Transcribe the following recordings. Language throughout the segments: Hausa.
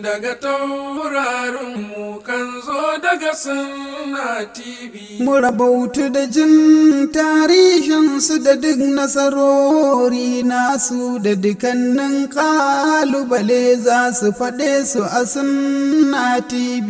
Daga mu kan zo daga sanna TV. Mu rabautu da jin tarihinsu da duk nasarori nasu da dukannin kalubale za su faɗe su a sunna TV.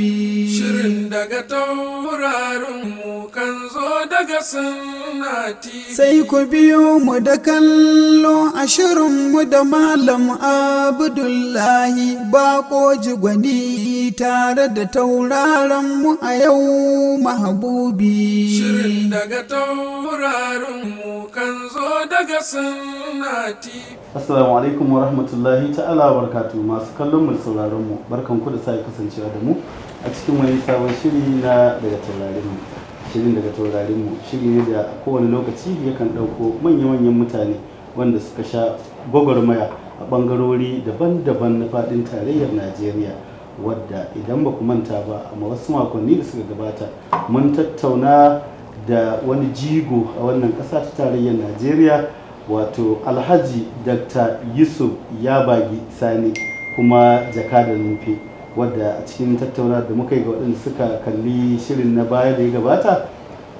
Shirin daga taurarinmu kan zo daga sunna TV. Sai ku biyo mu da kallo a shirinmu da Malam Abdullahi Bako ji gwani tare da tauraron mu a yau mahabubi. Shirin daga tauraron mu kan zo daga sunati. Assalamu alaikum wa rahmatullahi ta'ala wa barkatu masu kallon mu sauraron mu barkan ku da sa kasancewa da mu a cikin wani sabon shiri na daga taurarin mu. Shirin daga taurarin mu shiri ne da kowane lokaci yakan ɗauko manya-manyan mutane. wanda suka sha gwagwarmaya a bangarori daban-daban na fadin tarayyar najeriya wadda idan ba ku manta ba amma wasu makonni da suka gabata mun tattauna da wani jigo a wannan ƙasa ta tarayyar najeriya wato alhaji dr yusuf yabagi sani kuma jakadar nufi wadda a cikin tattauna da muka yi ga waɗanda suka kalli shirin na baya da ya gabata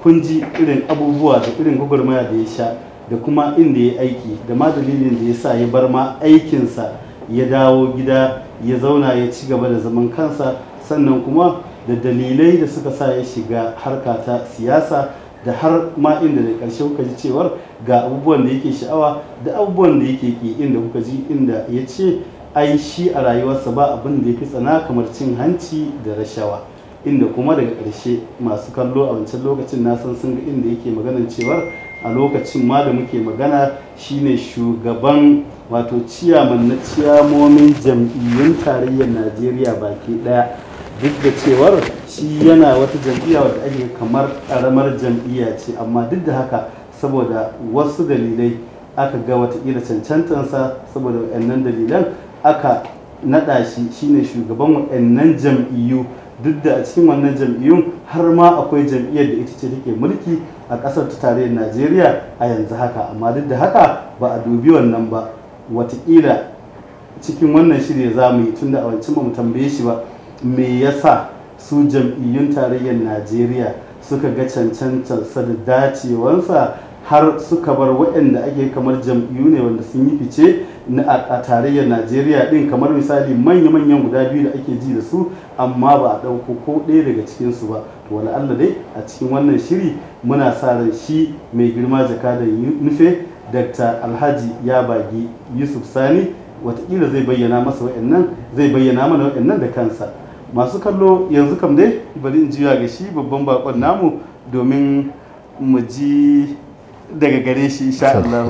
kun ji irin abubuwa da irin gwagwarmaya da ya sha da kuma inda ya aiki da ma dalilin da ya sa ya bar ma aikinsa ya dawo gida ya zauna ya ci gaba da zaman kansa sannan kuma da dalilai da suka sa ya shiga harka ta siyasa da har ma inda da ƙarshe kuka ji cewar ga abubuwan da yake sha'awa da abubuwan da yake ki inda kuka ji inda ya ce ai shi a rayuwarsa ba abin da ya fi tsana kamar cin hanci da rashawa inda kuma daga ƙarshe masu kallo a wancan lokacin na san sun ga inda yake maganar cewar a lokacin ma da muke magana shine shugaban wato ciyaman na ciyamomin jam'iyyun tarayyar najeriya baki daya duk da cewar shi yana wata jam'iyya wadda ake kamar karamar jam'iyya ce amma duk da haka saboda wasu dalilai aka ga wata watakila cancantansa saboda wa'annan dalilan aka naɗa shi shine shugaban wa'annan jam'iyyu duk da a cikin wannan jam'iyyun har ma akwai jam'iyyar da ita ce take mulki a ƙasar ta tarihin najeriya a yanzu haka amma duk da haka ba a dubi wannan ba watakila cikin wannan shirya za mu yi tunda a wancan mu tambaye shi ba me yasa su jam'iyyun tarayyar najeriya suka ga sa da dacewansa har suka bar waɗanda ake kamar jam'iyyu ne wanda sun yi fice a tarayyar najeriya din kamar misali manya-manyan guda biyu da ake ji da su amma ba a ɗauko ko ɗaya daga cikinsu ba to wala allah dai a cikin wannan shiri muna sa ran shi mai girma jakadan nufe dr alhaji ya bagi yusuf sani watakila zai bayyana masa wa'annan zai bayyana mana wa'annan da kansa masu kallo yanzu kam dai bari in juya ga shi babban bakon namu domin mu ji daga gare shi insha Allah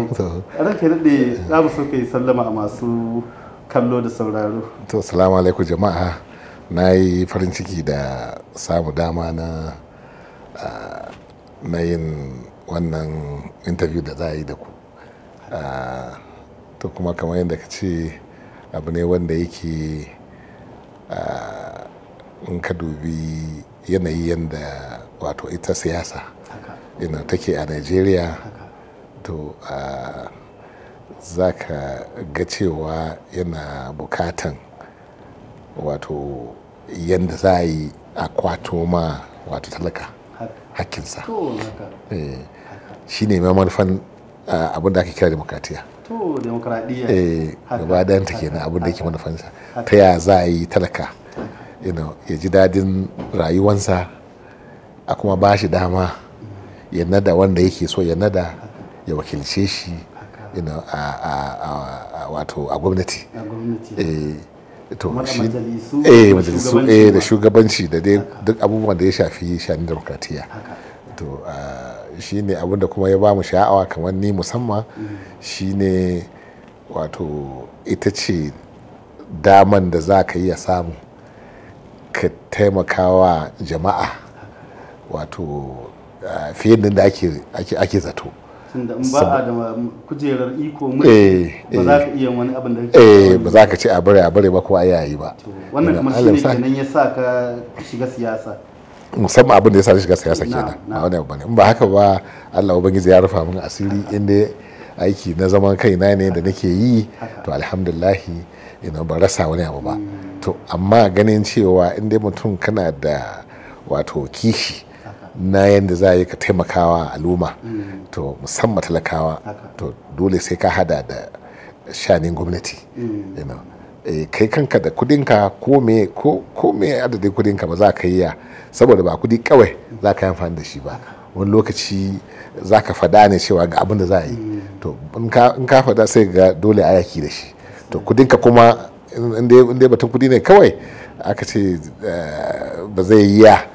ranka daɗe za mu so kai sallama a masu kallo da sauraro to salamu alaikum jama'a na yi farin ciki da samu dama na na yin wannan interview da za a yi da ku to kuma kamar yadda ka ce abu ne wanda yake in ka dubi yanayi yadda wato ita siyasa Ina take a nigeria to za ka ga cewa yana bukatan wato yadda za a yi a kwato ma wato talaka hakkinsa eh, shi ne manufan abin da ake kira demokratiya eh, gaba ɗayan take na abin da yake manufansa ta ya za a yi talaka ya ji dadin rayuwansa a kuma ba shi dama ya nada wanda yake so ya nada ya wakilce shi a wato a gwamnati eh, to majalisu eh, da eh, shugabanci da duk abubuwan da ya shafi shani demokratiya to shi ne abinda kuma ya ba mu sha'awa kamar ni musamman mm. shi ne wato ita ce daman da za ka yi samu ka taimakawa jama'a wato fiye da ake zato tunda in ba a da kujerar iko mulki eh, ba za ka eh. iya wani abin da kake eh ba za ka ce a bare a bare ba ko a yayi ba wannan kuma shine kenan ya sa ka shiga siyasa musamman abin da ya sa shiga siyasa kenan a wani abu ne in ba haka ba Allah ubangiji ya rufa min asiri inda aiki na zaman kaina ne da nake yi to alhamdulillahi ina ba rasa wani abu ba hmm. to amma ganin cewa inda mutum kana da wato kishi na yadda za a yi ka taimakawa al'umma to musamman talakawa to dole sai ka hada da shanin gwamnati mm. eh, kai kanka da kudinka ko me ko adadin kudinka ba za ka yi ya saboda ba kudi kawai za ka yi amfani da shi ba wani lokaci za ka fada ne cewa ga abin da za a yi mm. to in ka fada sai ga dole a yaki da shi to kudinka kuma in dai batun kudi ne kawai aka ce eh, ba zai yi ya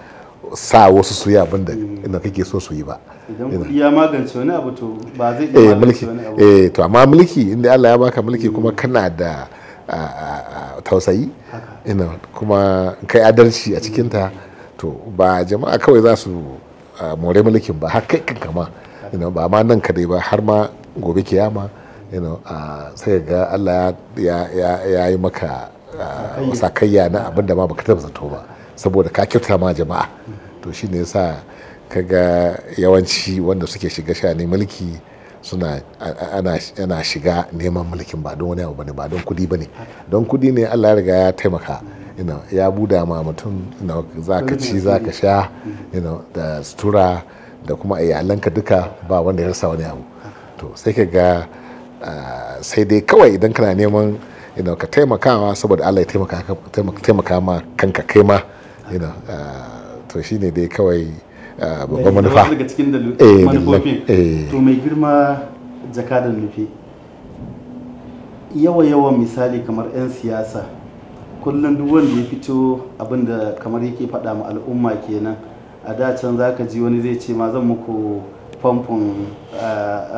sa wasu su yi abin da ina kake so su yi ba idan ya magance wani abu to ba zai iya eh, magance wani abu eh to amma mulki inda Allah ya baka mulki kuma mm. kana da tausayi ina kuma kai adalci a cikin ta to ba jama'a kawai za su more mulkin ba har kai kanka ma ba ma nan kadai ba har ma gobe kiyama sai ga Allah ya yi maka sakayya na abin da ma baka taba zato ba saboda ka kyauta ma jama'a mm. to shi ne sa kaga yawanci wanda suke shiga shani mulki suna ana shiga neman mulkin ba don wani abu bane ba don kudi bane don kudi ne Allah ya riga ya taimaka ya buda ma mutum za ka ci za ka sha da sutura da kuma iyalanka duka ba wanda ya rasa wani abu to sai ka ga ah, sai dai kawai idan kana neman ka taimakawa saboda Allah ya taimaka ma kanka kai ma ah, to shine dai kawai babban eh, manufa daga cikin eh, manufofin eh. to mai girma jakadar nufi yawa yawa misali kamar 'yan siyasa kullum duk wanda ya fito abinda kamar yake faɗa ma al'umma kenan a dacen za ka ji wani zai ce ma zan muku famfon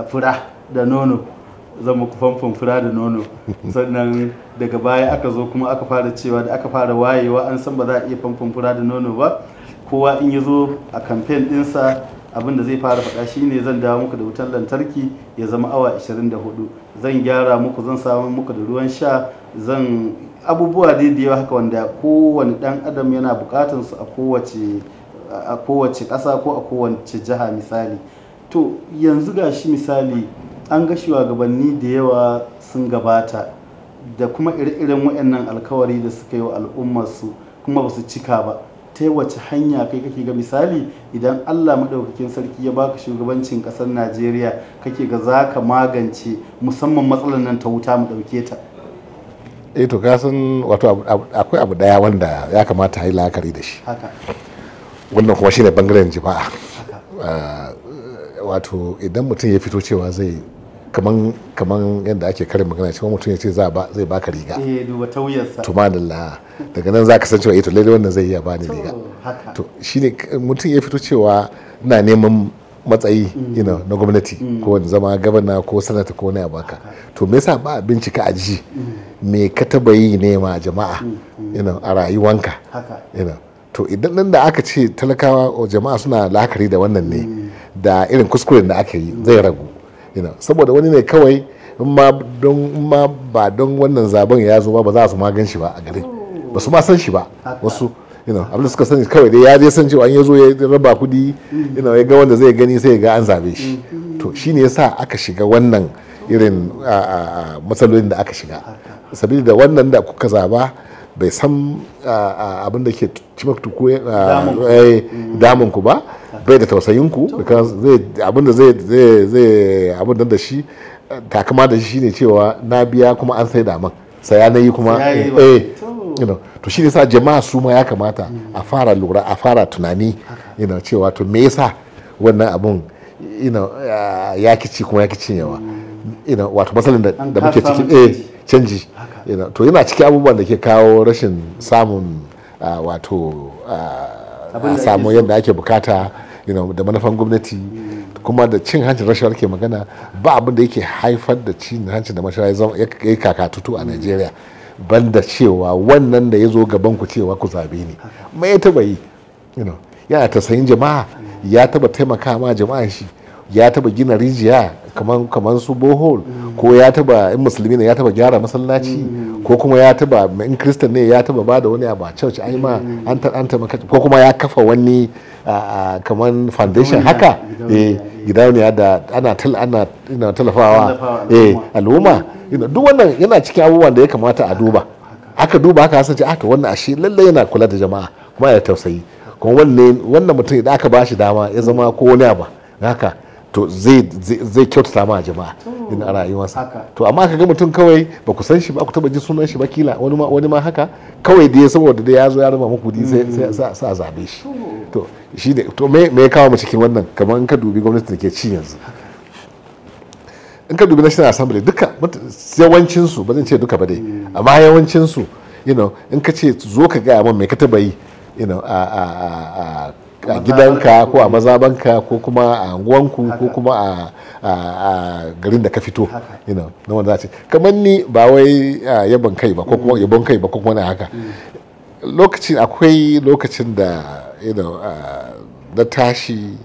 fura da nono zan muku famfon fura da nono sannan daga baya aka zo kuma aka fara cewa da aka fara wayewa an san ba za a iya famfon fura da nono ba kowa in ya zo a kamfen ɗinsa abin da zai fara faɗa shi ne zan dawo muku da wutar lantarki ya zama awa 24 zan gyara muku zan samu muku da ruwan sha zan abubuwa dai da yawa haka wanda kowane ɗan adam yana buƙatar su a kowace a kowace ƙasa ko a kowace jiha misali to yanzu ga shi misali an ga shugabanni da yawa sun gabata da kuma ire-iren waɗannan alkawari da suka yi wa al'ummarsu kuma ba su cika ba ta wace hanya kai kake ga misali idan Allah maɗaukakin sarki ya baka shugabancin ƙasar Najeriya kake ga za ka magance musamman matsalar nan ta wuta mu ɗauke ta. E to ka san wato akwai abu daya wanda ya kamata yi la'akari da shi. Haka. Wannan kuma shi ne bangaren jima'a. Ah, wato idan mutum ya fito cewa zai kaman kaman yadda ake karin magana cewa mutum ya ce za ba zai baka riga eh duba tauyarsa to daga nan zaka san cewa eh to lalle wannan zai iya bani riga to shine mutum ya fito cewa ina neman matsayi mm. you know, na gwamnati mm. ko wani zama gabana ko sanata ko wani abaka to me yasa ba bincika a ji mm. me ka taba yi ne ma jama'a you know, a rayuwanka you know. to idan nan da aka ce talakawa jama'a suna lakari da wannan ne da irin kuskuren da aka yi zai ragu ina saboda wani ne kawai ma ba don wannan zaben ya zo ba ba za su ma shi ba a garin ba su ma san shi ba wasu ina abin da suka sani kawai dai ya je san cewa an ya zo ya raba kudi ina ya ga wanda zai gani sai ga an zabe shi to shi shine sa aka shiga wannan irin matsalolin da aka shiga sabili da wannan da kuka zaba bai san abin da ke cimaktu eh, mm. damun ku ba bai da tausayinku abinda zai zai abin da shi takama da shi ne cewa na biya kuma an sai damar saya na yi kuma eh to shi ne sa jama'a su ma ya kamata hmm. a fara lura a fara tunani cewa to me yasa wannan abun ya kici kuma ya kici yawa hmm. wato matsalin da muke cikin eh, canji to yana cikin abubuwan da ke kawo rashin samun ah, wato ah, samu yadda ake bukata da manufan gwamnati kuma da cin hancin rashawa ke magana ba abin da yake haifar da cin hancin da mashara ya yi kakatutu a nigeria ban da cewa wannan da ya zo gaban ku cewa ku zabe ne ya taba yi yana ta sayin jama'a ya taba taimaka ma jama'a shi ya taba gina rijiya kamar su bohol ko ya taba in musulmi ne ya taba gyara masallaci ko kuma ya taba in kristan ne ya taba ba da wani abu a church ai ma an ko kuma ya kafa wani kamar foundation haka gidauniya eh, da ana talafawa eh, al'umma duk wannan yana cikin abubuwan da ya kamata a duba aka duba aka hasance aka ah, wannan ashe lallai yana kula da jama'a kuma ya tausayi kuma wannan mutum idan aka ba dama ya zama ko wani abu haka to zai kyautata ma jama'a oh. in a rayuwarsa to amma ka ga mutum kawai ba ku san shi ba ku taba ji sunan shi ba kila wani ma haka kawai dai saboda dai ya zo ya raba muku di sai hmm. sa zabe shi oh. to shi ne to me ya kawo mu cikin wannan kamar in ka dubi gwamnati da ke ci yanzu in ka dubi national assembly duka yawancin su ba zan ce duka ba dai hmm. amma yawancin su you know in ka ce zo ka gaya min me ka taba yi you know a a gidanka ko a mazabanka ko kuma a anguwanku ko kuma a garin da ka fito na wanda ce kamar ni ba wai yabon kai ba ko kuma mm. yabon kai ba ko kuma na haka mm. lokacin akwai lokacin da na tashi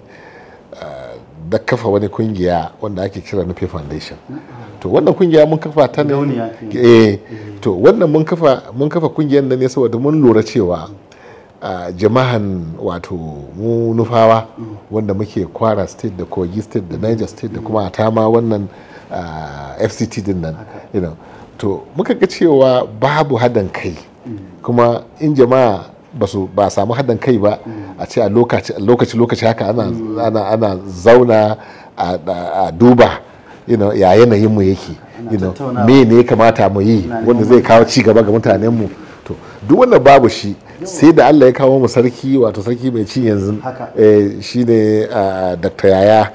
da kafa wani kungiya wanda ake kira pay foundation to wannan kungiya mun kafa ta ne eh mm. to wannan mun kafa mun kafa kungiyar ne saboda mun lura cewa jama'an jama'an wato mu nufawa wanda muke kwara state da kogi state da niger state da kuma a tama wannan fct din nan to muka ga cewa babu haɗin kai kuma in jama'a basu ba samu haɗin kai ba a ce a lokaci lokaci haka ana zauna a duba you know, ya yake you me ne ya kamata mu yi wanda zai kawo ci gaba ga mutanenmu duk wanda babu shi sai da allah ya kawo mu sarki wato sarki mai ci yanzu eh, shi ne ah, dr yaya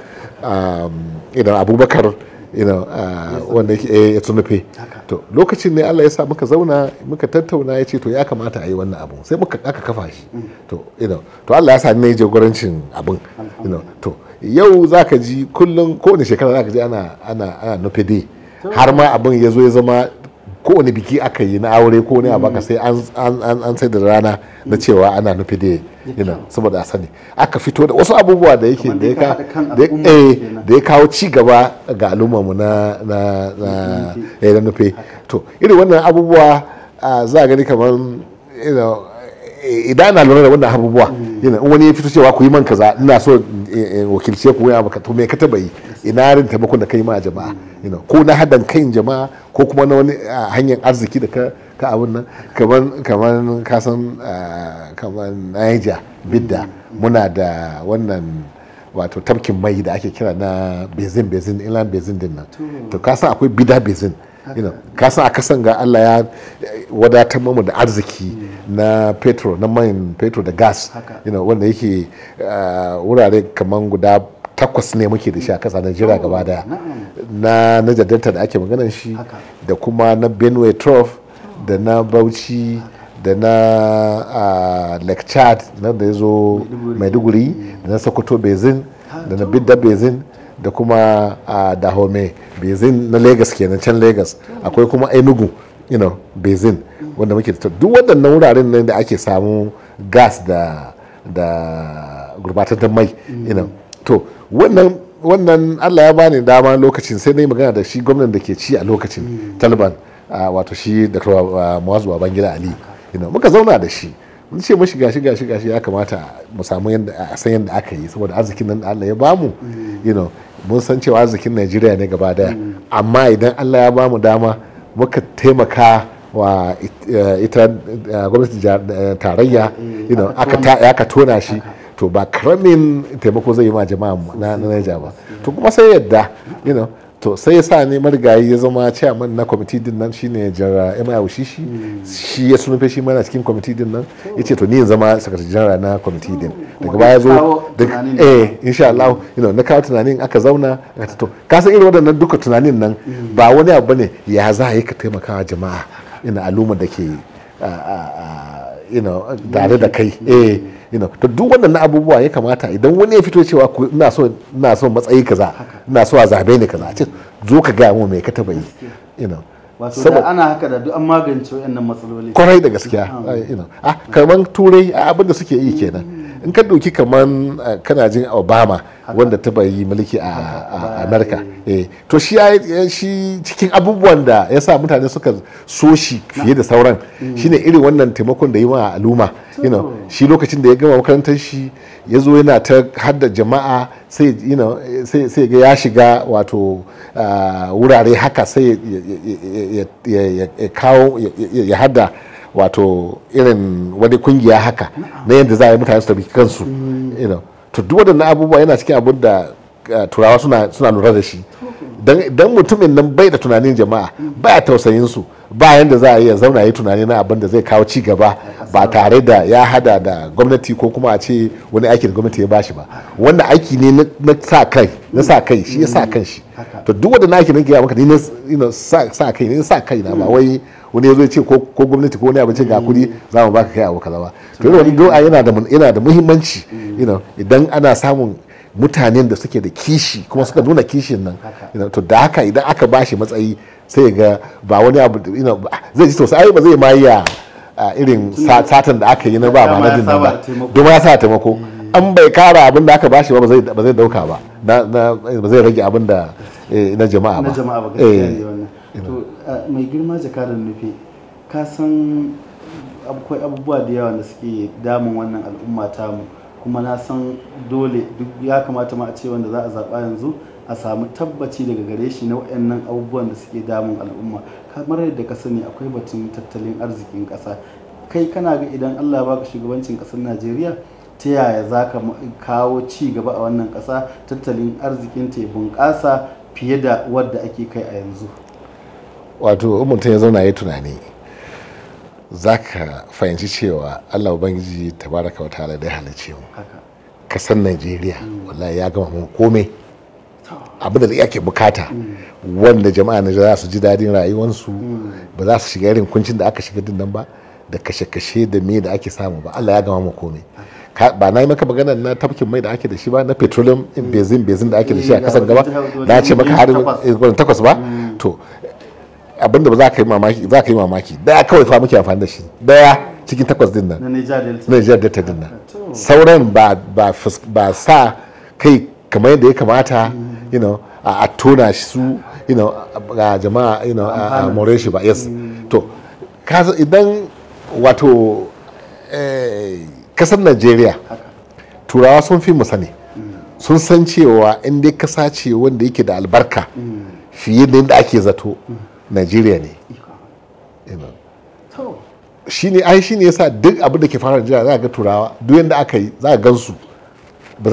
idan um, abubakar ah, wanda eh, ya tunufe to lokacin ne allah ya sa muka zauna muka tattauna ya ce to ya kamata a yi wannan abu sai muka aka kafa shi mm. to allah ya sa ne jagorancin abin to yau za ka ji kullum kowane shekara za ka ji ana nufe dai har ma abin ya zo ya zama kowane biki aka yi na aure ko ne baka mm. sai an sai da rana na mm. cewa ana nufi da saboda a sani aka fito da wasu abubuwa da yake eh, da ya kawo ci gaba ga al'ummarmu na na nufe eh, to irin wannan abubuwa ah, za a gani kamar Eh, idana lura da wannan abubuwa yana wani ya fito cewa ku yi man kaza ina so eh, eh, wakilce ku ya maka to me ka taba yi ina rin taimakon da kai ma jama'a ko na hadan kai jama'a ko kuma na wani ah, hanyar arziki da ka ka abun nan kaman kaman san ah, kaman Niger bidda muna da wannan wato tafkin mai da ake kira na bezin bezin inland bezin din nan to kasan akwai bidda bezin kasan a kasan ga Allah ya wadatar mamu da arziki na petro na man petro da gas wanda yake ah, wurare kamar guda takwas ne muke da shi a kasa jira gaba daya na na da ake maganan shi da kuma na Benue Trough da na Bauchi da na ah, Lake Chad na da ya zo Maiduguri da na Sokoto Basin da na Bidda Basin da kuma a dahome bezin na lagos kenan can lagos akwai kuma enugu you know bezin wanda muke da duk waɗannan wuraren nan da ake samu gas da da gurbatattun mai you know to wannan wannan allah ya bani dama lokacin sai na yi magana da shi gwamnan da ke ci a lokacin taliban wato shi da muwazu babangida ali muka zauna da shi mun ce mashi gashi gashi gashi ya kamata mu samu yadda a san yadda aka yi saboda arzikin nan da allah ya bamu you know mun san cewa arzikin najeriya ne gaba daya amma idan allah ya bamu dama muka taimaka wa eh, ita eh, gwamnati eh, tarayya aka tona shi to ba karamin taimako zai yi ma jama'a na naija ba to kuma sai yadda to sai ya sa ne marigayi ya zama chairman na kwamiti din nan shine jara emir ushishi shi ya sunufe shi mana cikin kwamiti din nan ya ce to ni zama sakatare jara na kwamiti din daga baya zo eh insha Allah you know na kawo tunanin aka zauna aka to ka san irin waɗannan duka tunanin nan ba wani abu ne ya za a yi ka taimakawa jama'a ina aluma da ke tare da kai eh, to duk wannan abubuwa ya kamata idan wani ya fito cewa ina so matsayi kaza ina so a zabe ne kaza ce zo ka ga mu me ka bai yi wato da ana haka da duk an magance wayannan matsaloli kwarai da gaskiya a ah. ah, kaman turai abin da suke yi kenan mm. in ka ɗauki kamar kana jin obama wanda ta bayi mulki a amerika eh. eh, to shi cikin abubuwan da ya sa mutane suka so shi fiye da sauran mm. shine irin wannan taimakon da yi ma al'umma shi lokacin da ya gama makarantar shi ya zo yana ta hadda jama'a sai ya shiga wato wurare haka sai ya kawo ya hada wato irin wani kungiya haka na yadda za a yi mutane su tafi kansu to duk waɗannan abubuwa yana cikin abin da uh, turawa suna lura da shi don mutumin nan bai da tunanin jama'a ba a tausayin su ba yadda za a iya zauna yi tunani na abin da zai kawo ci gaba ba tare da ya hada da gwamnati ko kuma a ce wani aiki da gwamnati ya bashi ba wannan aiki ne na sa kai na sa kai shi ya sa kan shi to duk wanda naki nake ya maka ni ne sa kai ne sa kai na ba hmm. wai wani ya zo ce ko gwamnati ko wani abinci ga hmm. kuɗi za mu baka kai abu kaza ba to wani do'a yana da yana da muhimmanci hmm. idan ana samun mutanen da suke da kishi kuma suka nuna kishin nan to da haka idan aka bashi matsayi sai ga ba wani abu zai ji sosai ai ba zai ma ya ah, ah, irin satan da aka yi na ba ba na dinnan ba domin ya sa taimako an bai kara abin da aka bashi ba ba zai dauka ba ba zai rage abin da Eh, na jama'a ba eh. Eh. to mai girma jaka nufi ka san akwai abubuwa da yawa da suke damun wannan al'umma mu kuma na san dole duk ya kamata ma a ce wanda za a zaɓa yanzu a samu tabbaci daga gare shi na waɗannan abubuwan da suke damun al'umma kamar yadda ka sani akwai batun tattalin arzikin ƙasa kai kana ga idan allah baka shugabancin ƙasar najeriya ta yaya za ka kawo ci gaba a wannan ƙasa tattalin arzikin ta bunƙasa fiye da wadda ake kai a yanzu wato mutum ya zauna ya tunani za ka fahimci cewa allah ubangiji tabaraka wa ta'ala dai halicce mu san najeriya mm. wallahi ya gama mu komai abin da yake bukata mm. wanda jama'a na za su ji daɗin rayuwarsu mm. ba za su shiga irin kuncin da aka shiga din nan ba da kashe-kashe da me da ake samu ba allah ya gama mu komai ba na yi maka magana na tafkin mai da ake da shi ba na petroleum mm. bezin bezin da ake da shi a mm, kasan gaba na ce maka harin mm. gwanin takwas ba to abinda ba za ka yi mamaki za ka yi mamaki daya kawai fa muke amfani da shi daya cikin takwas din nan na Niger Delta din nan sauran ba ba ba sa kai kamar yadda ya kamata you know a tona su you know a jama'a you know a more shi ba yes to idan wato eh kasar najeriya turawa sun fi mu sani mm. sun san cewa in dai kasa ce wanda yake da albarka mm. fiye da yadda ake zato mm. najeriya ne shi ne ai shi ne yasa duk abu da ke fara najeriya za a ga turawa duk yadda aka yi za a gan ba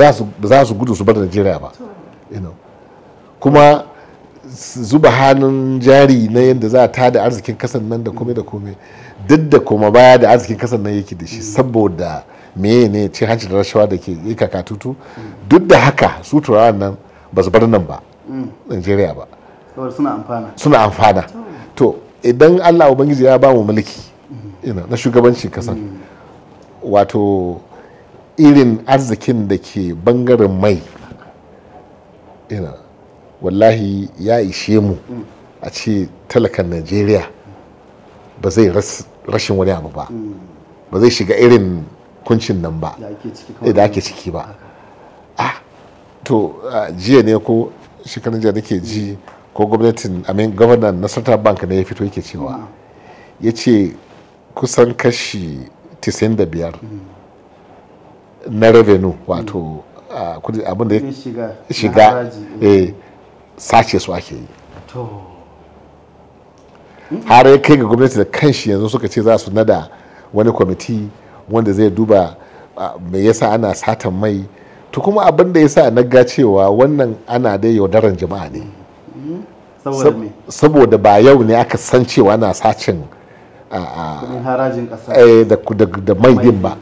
za su gudu su bar najeriya ba kuma zuba hannun jari na yadda za a da arzikin kasan nan da kome da kome duk da koma baya da arzikin kasan nan yake da shi saboda meye ne ci hanci da rashawa da ke yi kakatutu duk da haka su turawan nan ba su bar nan ba nigeria ba suna amfana to idan allah bangiji ya ba mu mulki na shugabancin kasan wato irin arzikin da ke bangaren mai wallahi ya ishe mu a ce talakan najeriya ba zai rashin wani abu ba ba zai shiga irin kuncin nan ba eh, da ake ciki ba ah to ah, jiya ne ko shekarun jiya nake ji ko gwamnatin amin gwamnan na central bank ne ya fito yake cewa mm. ya ce kusan kashi 95 mm. na revenue wato mm. ah, abin da ya shiga eh, sace su ake yi har ya kai ga gwamnati da kanshi yanzu suka ce za su nada wani kwamiti wanda zai duba me yasa ana satan mai to kuma abin da yasa na ga cewa wannan ana dai yaudaran jama'a ne saboda ba yau ne aka san cewa ana sacin eh, da mai din ba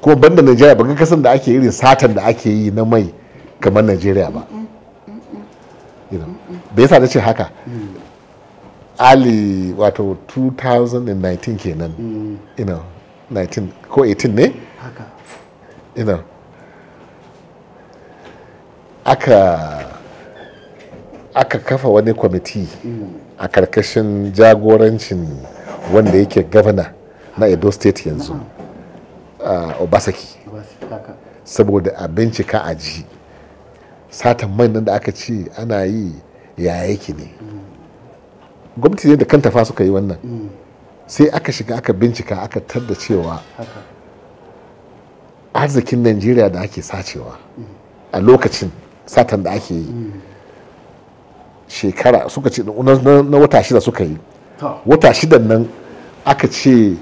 kuma banda najeriya ba kasan da ake irin satan da ake yi na mai kamar najeriya ba da yasa na ce haka mm. ali wato 2019 kenan mm. you know 19 ko 18 ne haka aka aka kafa wani kwamiti mm. a karkashin jagorancin wanda yake gavana na edo state yanzu a uh, obasaki saboda a bincika a ji satan man da aka ce ana yi ya ne mm. gwamnati ne da kanta fa suka yi wannan mm. sai aka shiga aka bincika aka tadda cewa arzikin najeriya da ake sacewa a lokacin satan da ake yi mm. shekara suka ce na wata shida suka yi wata shida nan aka ce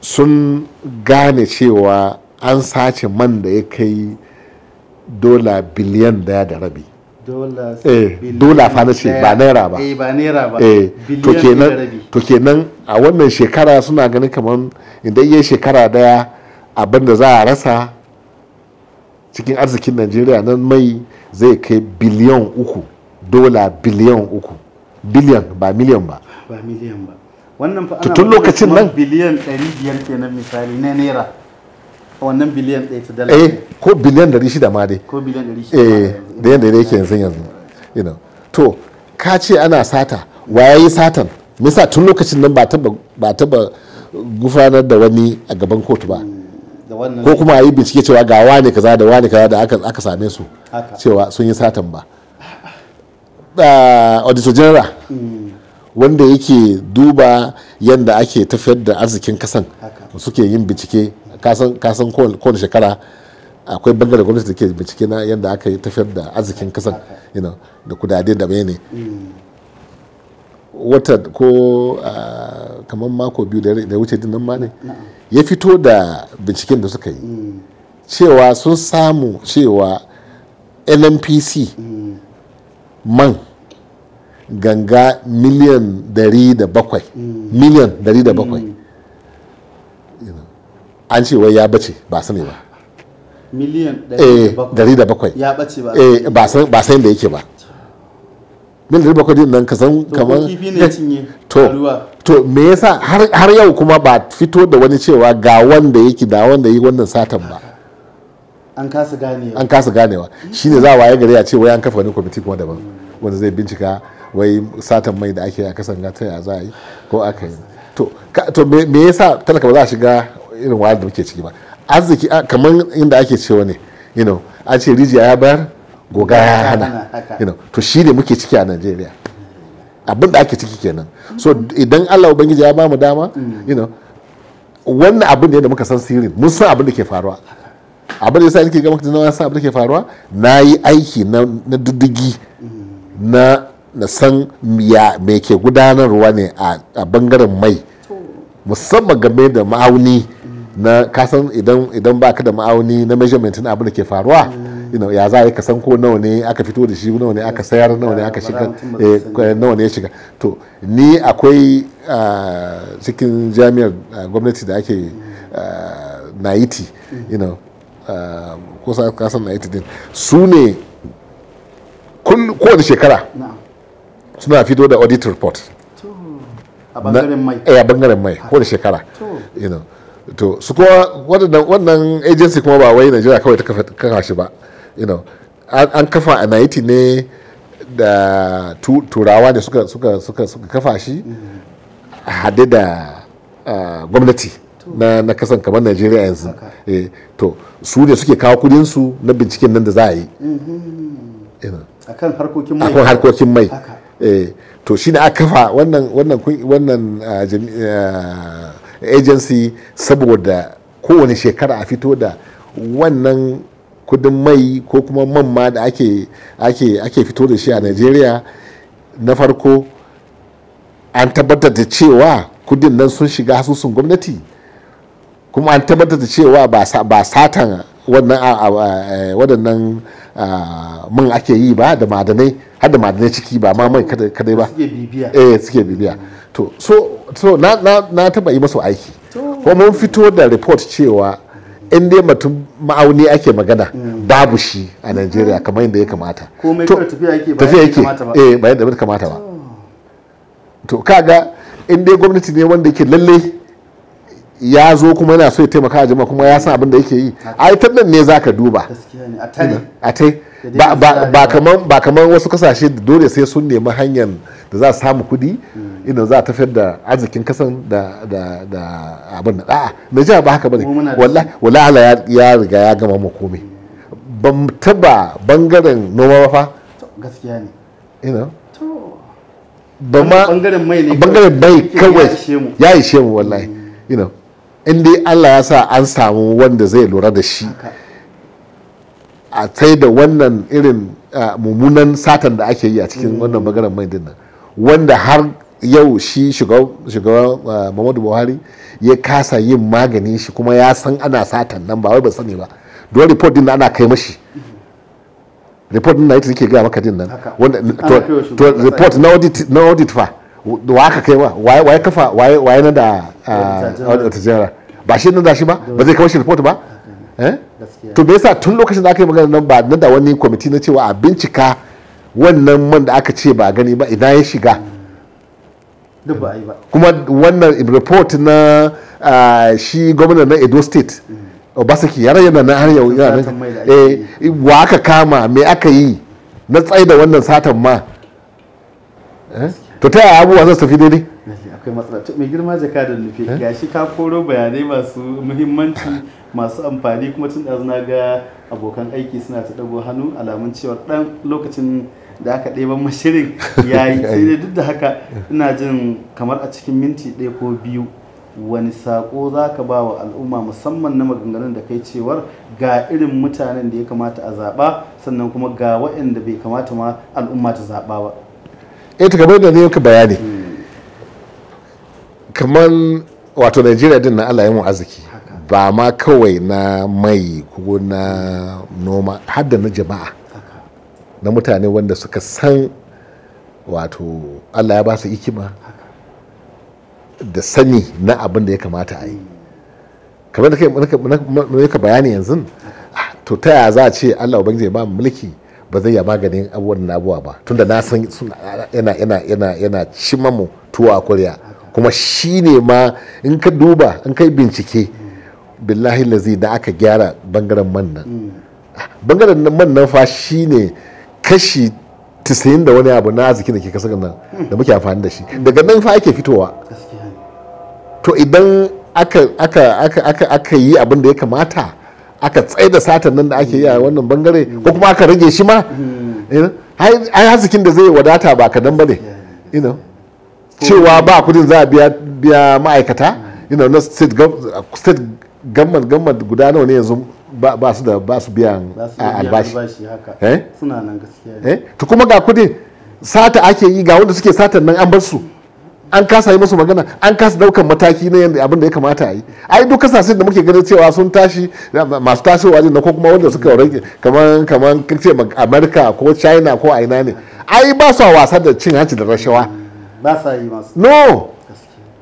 sun gane cewa an sace man da ya kai dola biliyan daya da rabi dola eh, fa na ce ba eh, naira ba eh, to kenan to kenan a wannan shekara suna ganin kamar idan iya shekara daya abin da za a rasa cikin arzikin najeriya nan mai zai kai biliyan uku dola biliyan uku biliyan ba miliyan ba ba wannan fa ana tun lokacin nan biliyan 500 kenan misali na naira wannan biliyan ɗaya ta dala eh ko biliyan ɗari shida ma dai ko biliyan ɗari shida eh da yadda yake yanzu yanzu you to ka ce ana sata waye yi satan misa tun lokacin nan ba taba ba taba gufanar da wani a gaban kotu ba hmm, ko kuma a yi bincike cewa ga wane kaza da wane kaza da aka same su cewa sun yi satan ba auditor general hmm. wanda yake duba yadda ake tafiyar da arzikin kasan suke yin bincike kasan kowane shekara akwai bangaren gwamnati da ke bincike na yadda aka yi tafiyar da arzikin kasan da kudade da mene mm. wata ko ah, kamar mako biyu da wuce nan ma ne ya fito da binciken da suka yi mm. cewa sun samu cewa nnpc mm. man ganga miliyan 700 miliyan 700 an ce wai ya bace ba sani ba miliyan eh, ɗari da bakwai ya bace ba eh, ba san da yake ba miliyan ɗari bakwai din nan ka san kamar to to me yasa har yau kuma ba fito da wani cewa ga wanda yake da wanda yi wannan satan ba an kasa ganewa an kasa ganewa shine za wa waye gari a ce wai an kafa wani kwamiti kuma daban wanda zai bincika wai satan mai da ake a kasan ta ya za a yi ko aka yi to me yasa talaka ba za a shiga irin wa da muke ciki ba arziki kamar inda ake cewa ne you know an ce rijiya ya bayar goga ya hana you know to shi ne muke ciki a Najeriya abin da ake ciki kenan so mm-hmm. idan Allah ubangiji ya bamu dama mm. you know wannan abin ne da muka san sirrin mun san abin da ke faruwa abin da yasa nake ga maka na san abin da ke faruwa na yi aiki na diddigi mm. na na san ya me ke gudanarwa ne a bangaren mai musamman game da ma'auni na kasan idan ba baka da ma'auni na measurement na abin da ke faruwa ya za a ka san ko nawa ne aka fito da shi nawa ne aka sayar nawa ne aka shiga eh, eh, nawa ne ya shiga to ni akwai ah, cikin jami'ar ah, gwamnati da ake ah, naiti ko sa kasan naiti din su ne kowane shekara suna fito da audit report a bangaren mai eh, kowane shekara you know to su kuma wannan agency kuma ba wai najeriya kawai ta kafa shi ba you know an kafa a Naiti ne da turawa ne suka suka suka suka kafa shi a hade da gwamnati na na kasan kamar najeriya yanzu eh, to su ne suke kawo kudin su na binciken nan da za a yi mm-hmm. akan harkokin mai akan harkokin mai eh, to shi ne aka kafa wannan wannan wannan ah, ah, agency saboda kowane shekara a fito da wannan kudin mai ko kuma mamma da ake, ake, fito da shi a nigeria na farko an tabbatar da cewa kudin nan sun shiga hasusun gwamnati kuma an tabbatar da cewa ba satan waɗannan man ake yi ba da madanai har da madanai ciki ba ma mai kadai ba suke bibiya eh, to so, so na, na, na taba yi masu aiki ko mun fito da report cewa in dai mutum ma'auni ake magana babu shi a Najeriya kamar yadda ya kamata ko kawai tafiya yake ba yadda ya eh, kamata ba to kaga in dai gwamnati ne wanda yake lalle ya zo kuma yana so ya taimaka a jama'a kuma ya san abin da yake yi ai ta nan ne ka duba a tai ba kamar wasu kasashe da dole sai sun nemi hanyar da za su samu kuɗi mm. inda za a tafiyar da arzikin kasan da abin da a'a na jiha ba haka bane wallahi ala ya riga ya gama mu komai ban taba bangaren noma ba fa gaskiya ne ba ma bangaren mai kawai ya ishe mu wallahi you mm. know in dai allah ya sa an samu wanda zai lura da shi a tsaye da wannan irin mummunan satan da ake yi a cikin mm. wannan maganar mai dinnan wanda har yau shi shugaban muhammadu buhari ya kasa yin magani shi kuma ya san ana satan nan ba wai ba sani ba don report din ana kai mashi report din na ita ke gaya maka din nan wanda report na audit fa wa aka kai wa waye kafa waye na da ah, auditor general ba shi na da shi ba ba zai kawo shi report ba eh? to me yasa tun lokacin da aka yi magana nan ba na da wani kwamiti na cewa a bincika wannan man da aka ce ba gani ba idan ya shiga kuma wannan report na ah, shi gwamnan na edo state mm. obasaki ya rayu na har yau eh, wa aka kama me aka yi na tsaye da wannan satan ma eh? to ta yaya abubuwa zai tafi daidai akwai matsala mai girma jaka da nufi eh? ga shi ka koro bayanai masu muhimmanci masu amfani kuma tun da zuna ga abokan aiki suna ta dago hannu alamun cewa dan lokacin da aka ban mashirin ya yi sai dai duk da haka eh. ina jin kamar a cikin minti ɗaya ko biyu wani sako za ka ba wa al'umma musamman na maganganun da kai cewar ga irin mutanen da ya kamata a zaɓa sannan kuma ga waɗanda bai kamata ma al'umma ta zaɓa ba eh ta kamar da ne bayani kamar wato nigeria din na allah ya mu arziki ba ma kawai na mai ko na noma har na jama'a na mutane wanda suka san wato allah ya ba su ikima da sani na abin da ya kamata a yi kamar da ka bayani yanzu ah, to ta yaya za a ce allah ubangiji ya ba mu mulki ba zai ya maganin abubuwan na abuwa ba tunda na san yana yana yana yana cima mu tuwa kuriya kuma shi ne ma in ka duba in kai bincike billahi lazi da aka gyara bangaren man nan mm. bangaren man nan fa shi ne kashi tisayin da wani abu na arziki da ke kasar nan mm. da muke amfani da shi daga nan fa ake fitowa to idan aka yi abin da ya kamata aka da satan nan da ake yi a wannan bangare ko kuma aka rage shi ma eh, ai hasikin da zai wadata ba kadan ba ne cewa ba kudin za a biya ma'aikata na state gamman gamman guda nawa ne yanzu ba su da ba su biyan albashi eh? suna nan gaskiya ne. Eh? to kuma ga kudin sata ake yi ga wanda suke satan nan an bar su an kasa yi musu magana an kasa daukan mataki na yadda abin da ya kamata a yi ai duk kasashen da muke ganin cewa sun tashi masu tasowa ne ko kuma wanda suka rage kamar kamar kace america ko china ko aina ne ai ba su wasa da cin hanci da rashawa ba sa yi masu no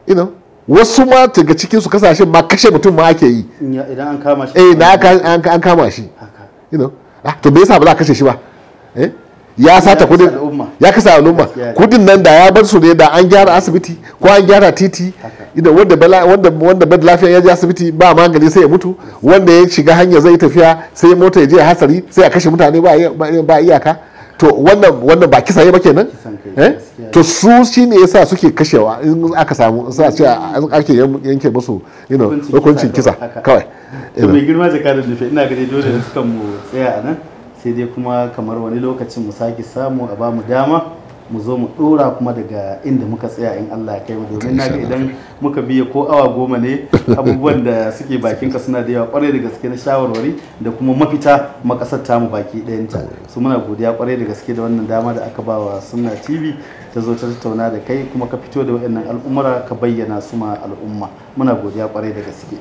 you know wasu ma daga cikin su kasashen ma kashe mutum ma ake yi idan an kama shi eh na an kama shi you know ah, to me yasa ba za a kashe shi ba eh ya sata kudin ya kasa al'umma kudin nan da ya bar su ne da an gyara asibiti ko an gyara titi idan wanda wanda bad lafiya ya je asibiti ba magani sai ya mutu wanda ya shiga hanya zai tafiya sai mota ya je hasari sai a kashe mutane ba a iyaka to wannan ba kisa ba kenan nan eh? to su shine yasa suke kashewa in aka samu sa ce ake yanke musu hukuncin kisa kawai to mai sai dai kuma kamar wani lokacin mu sake samu a bamu dama mu zo mu dora kuma daga inda muka tsaya in Allah ya kai mu domin na ga idan muka biya ko awa goma ne abubuwan da suke bakin ka suna da yawa kwarai da gaske na shawarwari da kuma mafita makasar mu baki ɗayanta su muna godiya kwarai da gaske da wannan dama da aka bawa suna tv ta zo ta tattauna da kai kuma ka fito da waɗannan al'umma ka bayyana su ma al'umma muna godiya kwarai da gaske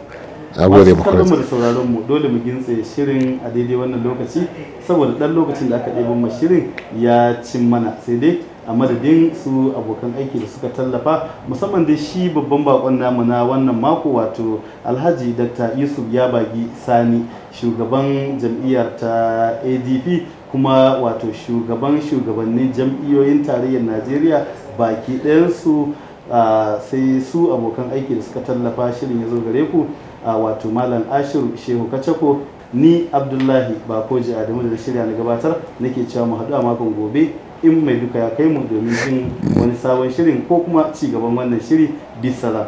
gode muku da sauraron mu dole mu gintse shirin a daidai wannan lokaci saboda dan lokacin da aka ɗebo mu shirin ya cin mana sai dai a madadin su abokan aiki da suka tallafa musamman dai shi babban bakon namu na wannan mako wato alhaji dr yusuf yabagi sani shugaban jam'iyyar ta adp kuma wato shugaban shugabannin jam'iyyoyin tarayyar najeriya baki ɗayansu ah, sai su abokan aiki da suka tallafa shirin ya zo gare ku wato malam ashiru shehu kacako ni abdullahi bakoji adamu da shirya na gabatar nake cewa mu haɗu a makon gobe in mai duka ya kai mu domin jin wani sabon shirin ko kuma ci gaban wannan shiri bisala